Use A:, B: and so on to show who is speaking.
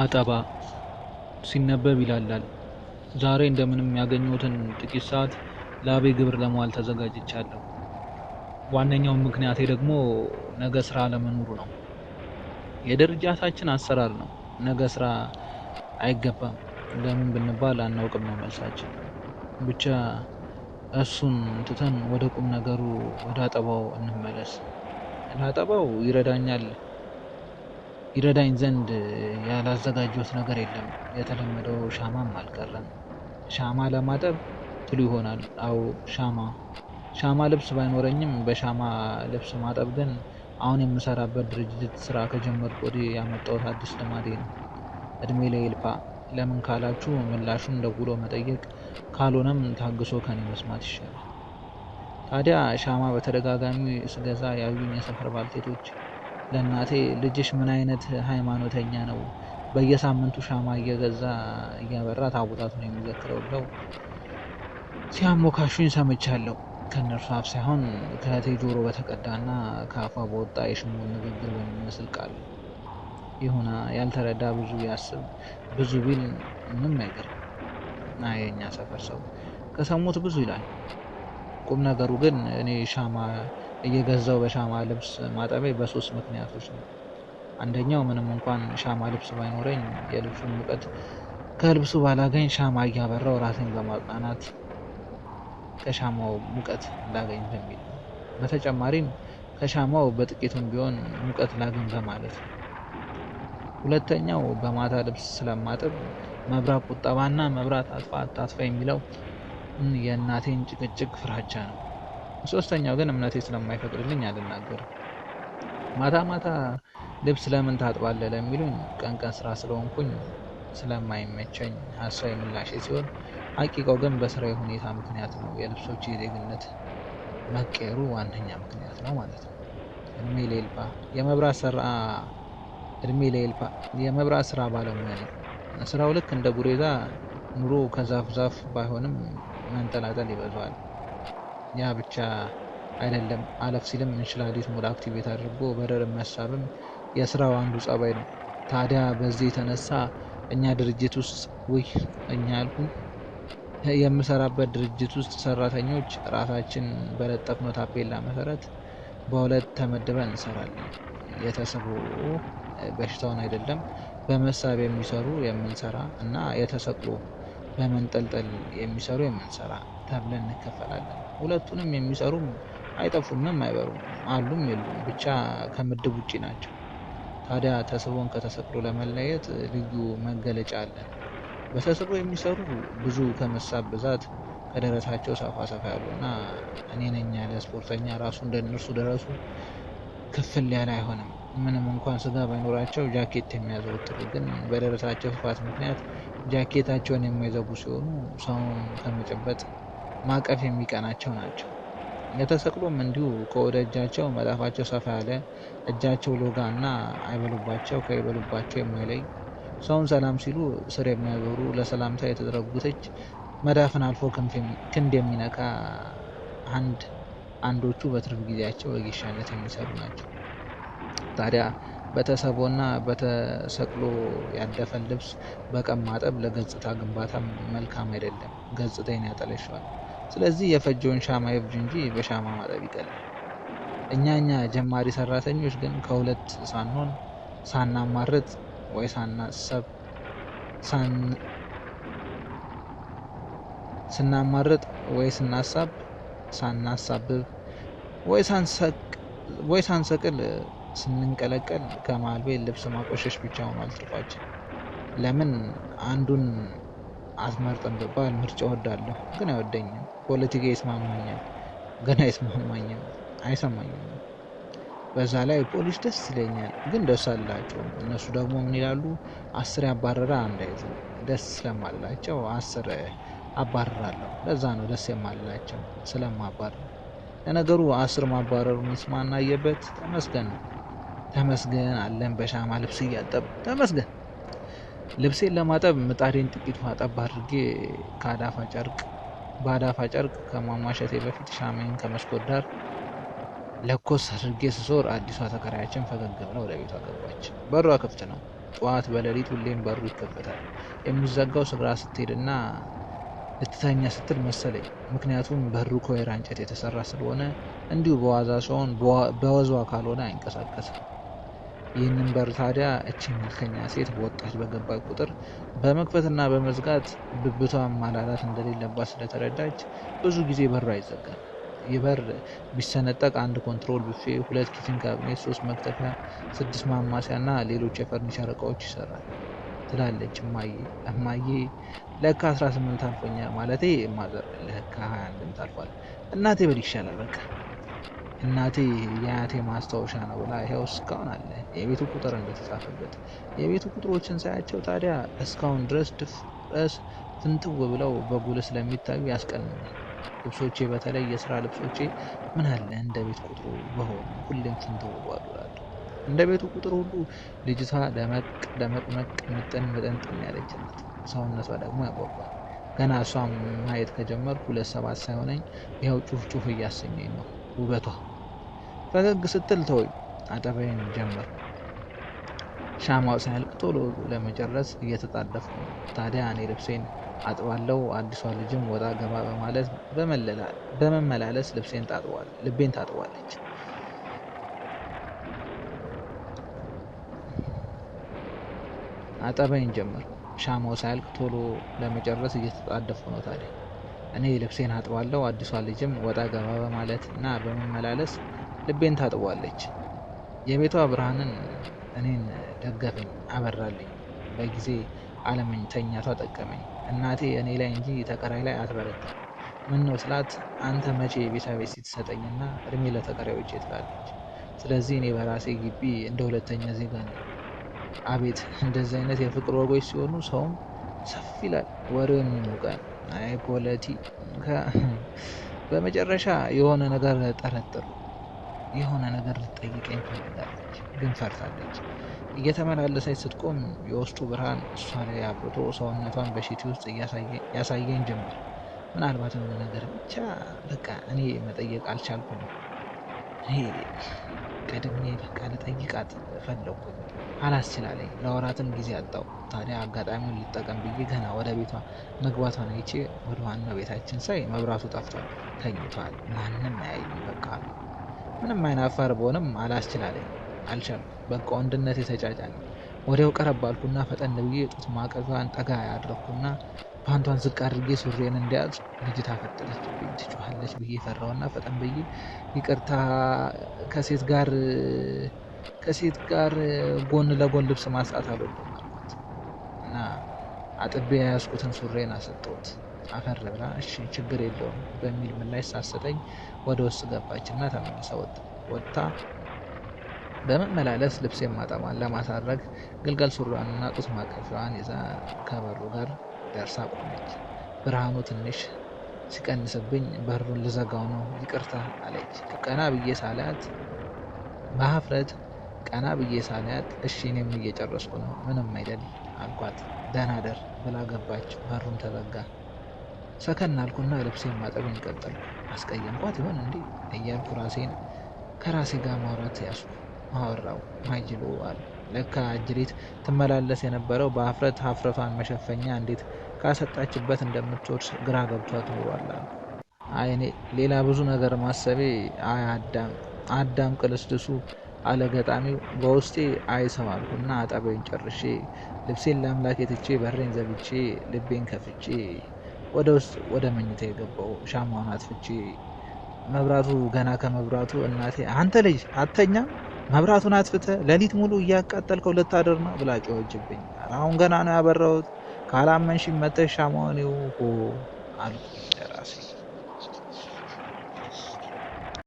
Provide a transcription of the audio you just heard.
A: አጠባ ሲነበብ ይላላል። ዛሬ እንደምንም ያገኘሁትን ጥቂት ሰዓት ለአቤ ግብር ለመዋል ተዘጋጅቻለሁ። ዋነኛው ምክንያቴ ደግሞ ነገ ስራ ለመኖሩ ነው። የድርጅታችን አሰራር ነው፣ ነገ ስራ አይገባም ለምን ብንባል አናውቅም ነው መልሳችን። ብቻ እሱን ትተን ወደ ቁም ነገሩ ወደ አጠባው እንመለስ። ለአጠባው ይረዳኛል ይረዳኝ ዘንድ ያላዘጋጀሁት ነገር የለም። የተለመደው ሻማም አልቀረም። ሻማ ለማጠብ ትሉ ይሆናል። አዎ ሻማ ሻማ ልብስ ባይኖረኝም በሻማ ልብስ ማጠብ ግን አሁን የምሰራበት ድርጅት ስራ ከጀመርኩ ወዲህ ያመጣሁት አዲስ ልማዴ ነው። እድሜ ለይልፋ ለምን ካላችሁ ምላሹን ደውሎ መጠየቅ ካልሆነም ታግሶ ከኔ መስማት ይሻላል። ታዲያ ሻማ በተደጋጋሚ ስገዛ ያዩኝ የሰፈር ባልቴቶች ለእናቴ ልጅሽ ምን አይነት ሃይማኖተኛ ነው? በየሳምንቱ ሻማ እየገዛ እያበራ ታቦታት ነው የሚዘክረው ብለው ሲያሞካሹኝ ሰምቻለሁ። ከእነርሱ አፍ ሳይሆን ከእህቴ ጆሮ በተቀዳና ከአፏ በወጣ የሽሙን ንግግር በሚመስል ቃል ይሁና። ያልተረዳ ብዙ ያስብ ብዙ ቢል ምንም አይገርም። የእኛ ሰፈር ሰው ከሰሙት ብዙ ይላል። ቁም ነገሩ ግን እኔ ሻማ እየገዛው በሻማ ልብስ ማጠቤ በሶስት ምክንያቶች ነው። አንደኛው ምንም እንኳን ሻማ ልብስ ባይኖረኝ የልብሱን ሙቀት ከልብሱ ባላገኝ ሻማ እያበራው ራሴን በማጽናናት ከሻማው ሙቀት ላገኝ በሚል ነው። በተጨማሪም ከሻማው በጥቂቱም ቢሆን ሙቀት ላገኝ በማለት ነው። ሁለተኛው በማታ ልብስ ስለማጥብ መብራት ቁጠባና መብራት አጥፋ አታጥፋ የሚለው የእናቴን ጭቅጭቅ ፍራቻ ነው። ሶስተኛው ግን እምነቴ ስለማይፈቅድልኝ አልናገርም። ማታ ማታ ልብስ ለምን ታጥባለ ለሚሉኝ ቀን ቀን ስራ ስለሆንኩኝ ስለማይመቸኝ ሀሳዊ ምላሽ ሲሆን ሀቂቃው ግን በስራዊ ሁኔታ ምክንያት ነው የልብሶች የዜግነት መቀየሩ ዋነኛ ምክንያት ነው ማለት ነው። እድሜ ለይልባ የመብራት ስራ እድሜ ለይልባ የመብራት ስራ ባለሙያ ነኝ። ስራው ልክ እንደ ጉሬዛ ኑሮ ከዛፍ ዛፍ ባይሆንም መንጠላጠል ይበዛዋል። ያ ብቻ አይደለም፣ አለፍ ሲልም እንሽላሊት ሙድ አክቲቬት አድርጎ በረር መሳብም የስራው አንዱ ጸባይ ነው። ታዲያ በዚህ የተነሳ እኛ ድርጅት ውስጥ ውይ እኛ ያልኩኝ የምሰራበት ድርጅት ውስጥ ሰራተኞች ራሳችን በለጠፍነው ታፔላ መሰረት በሁለት ተመድበን እንሰራለን። የተሰቡ በሽታውን አይደለም በመሳብ የሚሰሩ የምንሰራ እና የተሰቅሎ በመንጠልጠል የሚሰሩ የምንሰራ ተብለን እንከፈላለን። ሁለቱንም የሚሰሩም አይጠፉምም አይበሩም አሉም የሉም ብቻ ከምድብ ውጪ ናቸው። ታዲያ ተስቦን ከተሰቅሎ ለመለየት ልዩ መገለጫ አለን። በተስቦ የሚሰሩ ብዙ ከመሳብ ብዛት ከደረታቸው ሰፋ ሰፋ ያሉና እኔ ነኝ ያለ ስፖርተኛ ራሱ እንደ እነርሱ ደረሱ ክፍል ያለ አይሆንም። ምንም እንኳን ስጋ ባይኖራቸው ጃኬት የሚያዘወትሩ ግን በደረታቸው ስፋት ምክንያት ጃኬታቸውን የማይዘጉ ሲሆኑ ሰውን ከመጨበጥ ማቀፍ የሚቀናቸው ናቸው። ለተሰቅሎም እንዲሁ ከወደ እጃቸው መዳፋቸው ሰፋ ያለ እጃቸው እና አይበሉባቸው ከይበሉባቸው የማይለይ ሰውን ሰላም ሲሉ ስር የሚያበሩ ለሰላምታ እጅ መዳፍን አልፎ ክንድ የሚነካ አንድ አንዶቹ በትርፍ ጊዜያቸው በጌሻነት የሚሰሩ ናቸው። ታዲያ በተሰቦና በተሰቅሎ ያደፈን ልብስ በቀን ማጠብ ለገጽታ ግንባታ መልካም አይደለም፣ ገጽታን ያጠለሸዋል። ስለዚህ የፈጀውን ሻማ ይብጅ እንጂ በሻማ ማጠብ ይቀላል። እኛ እኛ ጀማሪ ሰራተኞች ግን ከሁለት ሳንሆን ሳናማርጥ ወይ ሳናሰብ ስናማርጥ ወይ ስናሳብ ሳናሳብብ ወይ ሳንሰቅል ስንንቀለቀል ከመሀል ቤት ልብስ ማቆሸሽ ብቻ ሆኗል ትርፋችን። ለምን አንዱን አስመርጠን ብባል ምርጫ እወዳለሁ ግን አይወደኝም። ፖለቲካ ይስማማኛል ግን አይስማማኝም፣ አይሰማኝም። በዛ ላይ ፖሊስ ደስ ይለኛል ግን ደስ አላቸውም። እነሱ ደግሞ ምን ይላሉ? አስር ያባረረ አንድ አይዞ ደስ ስለማላቸው አስር አባረራለሁ። ለዛ ነው ደስ የማላቸው ስለማባረር። ለነገሩ አስር ማባረሩ ስማናየበት ተመስገን ተመስገን አለን በሻማ ልብስ እያጠብ ተመስገን ልብሴን ለማጠብ ምጣዴን ጥቂት አጠብ አድርጌ ከአዳፋ ጨርቅ በአዳፋ ጨርቅ ከማሟሸቴ በፊት ሻማዬን ከመስኮት ዳር ለኮስ አድርጌ ስዞር አዲሷ ተከራያችን ፈገግ ብላ ወደ ቤቷ ገባች። በሯ ክፍት ነው። ጠዋት በሌሊት ሁሌም በሩ ይከፈታል። የሚዘጋው ስራ ስትሄድና ልትተኛ ስትል መሰለኝ። ምክንያቱም በሩ ከወይራ እንጨት የተሰራ ስለሆነ እንዲሁ በዋዛ ሲሆን በወዟ ካልሆነ አይንቀሳቀስም። ይህንን በር ታዲያ እቺ መልከኛ ሴት በወጣች በገባች ቁጥር በመክፈትና በመዝጋት ብብቷን ማላላት እንደሌለባት ስለተረዳች ብዙ ጊዜ በሩ አይዘጋም። ይህ በር ቢሰነጠቅ አንድ ኮንትሮል ብፌ፣ ሁለት ኪችን ካቢኔት፣ ሶስት መክተፊያ፣ ስድስት ማማሲያ እና ሌሎች የፈርኒቸር እቃዎች ይሰራል ትላለች እማዬ። እማዬ ለካ 18 አልፎኛል ማለቴ ማዘር ለካ 21 ታልፏል። እናቴ በል ይሻላል በቃ እናቴ የአያቴ ማስታወሻ ነው ብላ ይኸው እስካሁን አለ። የቤቱ ቁጥር እንደተጻፈበት የቤቱ ቁጥሮችን ሳያቸው ታዲያ እስካሁን ድረስ ድረስ ፍንትው ብለው በጉል ስለሚታዩ ያስቀንናል። ልብሶቼ፣ በተለይ የስራ ልብሶቼ ምን አለ እንደ ቤት ቁጥሩ በሆኑ ሁሌም ፍንትው ባሉ እንደ ቤቱ ቁጥር ሁሉ ልጅቷ ደመቅ ደመቅ ምጥን ምጥንጥን ያለችናት፣ ሰውነቷ ደግሞ ያጓጓል። ገና እሷም ማየት ከጀመርኩ ሁለት ሰባት ሳይሆነኝ ይኸው ጩፍ ጩፍ እያሰኘኝ ነው ውበቷ ፈገግ ስትል ተወኝ። አጠፋዬን ጀመር። ሻማው ሳያልቅ ቶሎ ለመጨረስ እየተጣደፍኩ ታዲያ እኔ ልብሴን አጥባለው፣ አዲሷ ልጅም ወጣ ገባ በማለት በመመላለስ ልብሴን ልቤን ታጥቧለች። አጠባይን ጀመር። ሻማው ሳያልቅ ቶሎ ለመጨረስ እየተጣደፉ ነው። ታዲያ እኔ ልብሴን አጥባለው፣ አዲሷ ልጅም ወጣ ገባ በማለት እና በመመላለስ ልቤን ታጥቧለች። የቤቷ ብርሃንን እኔን ደገፈኝ፣ አበራልኝ። በጊዜ አለመኝተኛቷ ጠቀመኝ። እናቴ እኔ ላይ እንጂ ተከራይ ላይ አትበረታም። ምን ነው ስላት፣ አንተ መቼ ቤታ ቤት ስትሰጠኝና እድሜ ለተከራዮች ትላለች። ስለዚህ እኔ በራሴ ግቢ እንደ ሁለተኛ ዜጋ ነው። አቤት እንደዚህ አይነት የፍቅር ወጎች ሲሆኑ ሰውም ሰፍ ይላል፣ ወሬውን ይሞቃል። አይ ፖለቲካ። በመጨረሻ የሆነ ነገር ጠረጠሩ። የሆነ ነገር ልትጠይቀኝ ትፈልጋለች፣ ግን ፈርታለች። እየተመላለሰች ስትቆም የውስጡ ብርሃን እሷ ላይ አብርቶ ሰውነቷን በሽቲ ውስጥ ያሳየኝ ጀመር። ምናልባት የሆነ ነገር ብቻ በቃ እኔ መጠየቅ አልቻልኩኝም። ይሄ ቀድሜ በቃ ልጠይቃት ፈለኩኝ፣ አላስችላለኝ። ለወራትም ጊዜ አጣው። ታዲያ አጋጣሚውን ልጠቀም ብዬ ገና ወደ ቤቷ መግባቷን አይቼ ወደ ዋናው ቤታችን ሳይ መብራቱ ጠፍቷል፣ ተኝቷል፣ ማንም አያዩ ምንም አይነት አፋር በሆንም አላስችላለኝ አልቻልኩም። በቃ ወንድነት የተጫጫለ ወዲያው ቀረብ አልኩና ፈጠን ብዬ ጡት ማቀፊዋን ጠጋ ያደረኩና ፓንቷን ዝቅ አድርጌ ሱሬን እንደያዝ ልጅት አፈጠጠችብኝ። ትጮኻለች ብዬ ፈራውና ፈጠን ብዬ ይቅርታ፣ ከሴት ጋር ከሴት ጋር ጎን ለጎን ልብስ ማስጣት አልወድም አልኳት እና አጥቤ የያዝኩትን ሱሬን አሰጠሁት። አፈር ብላ እሺ ችግር የለውም በሚል ምላሽ ሳሰጠኝ ወደ ውስጥ ገባች እና ተመልሳ ወጥታ በመመላለስ ልብስ የማጠቧን ለማሳረግ ግልገል ሱሪዋንና ጡት ማቀፊዋን ይዛ ከበሩ ጋር ደርሳ ቆመች። ብርሃኑ ትንሽ ሲቀንስብኝ በሩን ልዘጋው ነው ይቅርታ አለች። ቀና ብዬ ሳላት በሀፍረት ቀና ብዬ ሳላት እሺ እኔም እየጨረስኩ ነው ምንም አይደል አልኳት። ደህና ደር ብላ ገባች። በሩን ተዘጋ። ሰከን አልኩና ልብሴን ማጠብን ቀጠልኩ። አስቀየምኳት ይሆን እንዴ እያልኩ ራሴን ከራሴ ጋር ማውራት ያዝኩ። አወራው አለ። ለካ አጅሪት ትመላለስ የነበረው በአፍረት ሀፍረቷን መሸፈኛ እንዴት ካሰጣችበት እንደምትወርስ ግራ ገብቷት ኑሯል። አይኔ ሌላ ብዙ ነገር ማሰቤ አዳም ቅልስልሱ አለገጣሚው በውስጤ አይሰማልኩና አጠበኝ ጨርሼ ልብሴን ላምላክ የትቼ በሬን ዘግቼ ልቤን ከፍቼ ወደ ውስጥ ወደ መኝታ የገባው ሻማውን አጥፍቼ መብራቱ ገና ከመብራቱ እናቴ አንተ ልጅ አተኛ መብራቱን አጥፍተ ለሊት ሙሉ እያቃጠልከው ልታደር ነው ብላ ጮኸችብኝ። አሁን ገና ነው ያበራሁት ካላመንሽ መተሽ ሻማውን ይው አልኩ።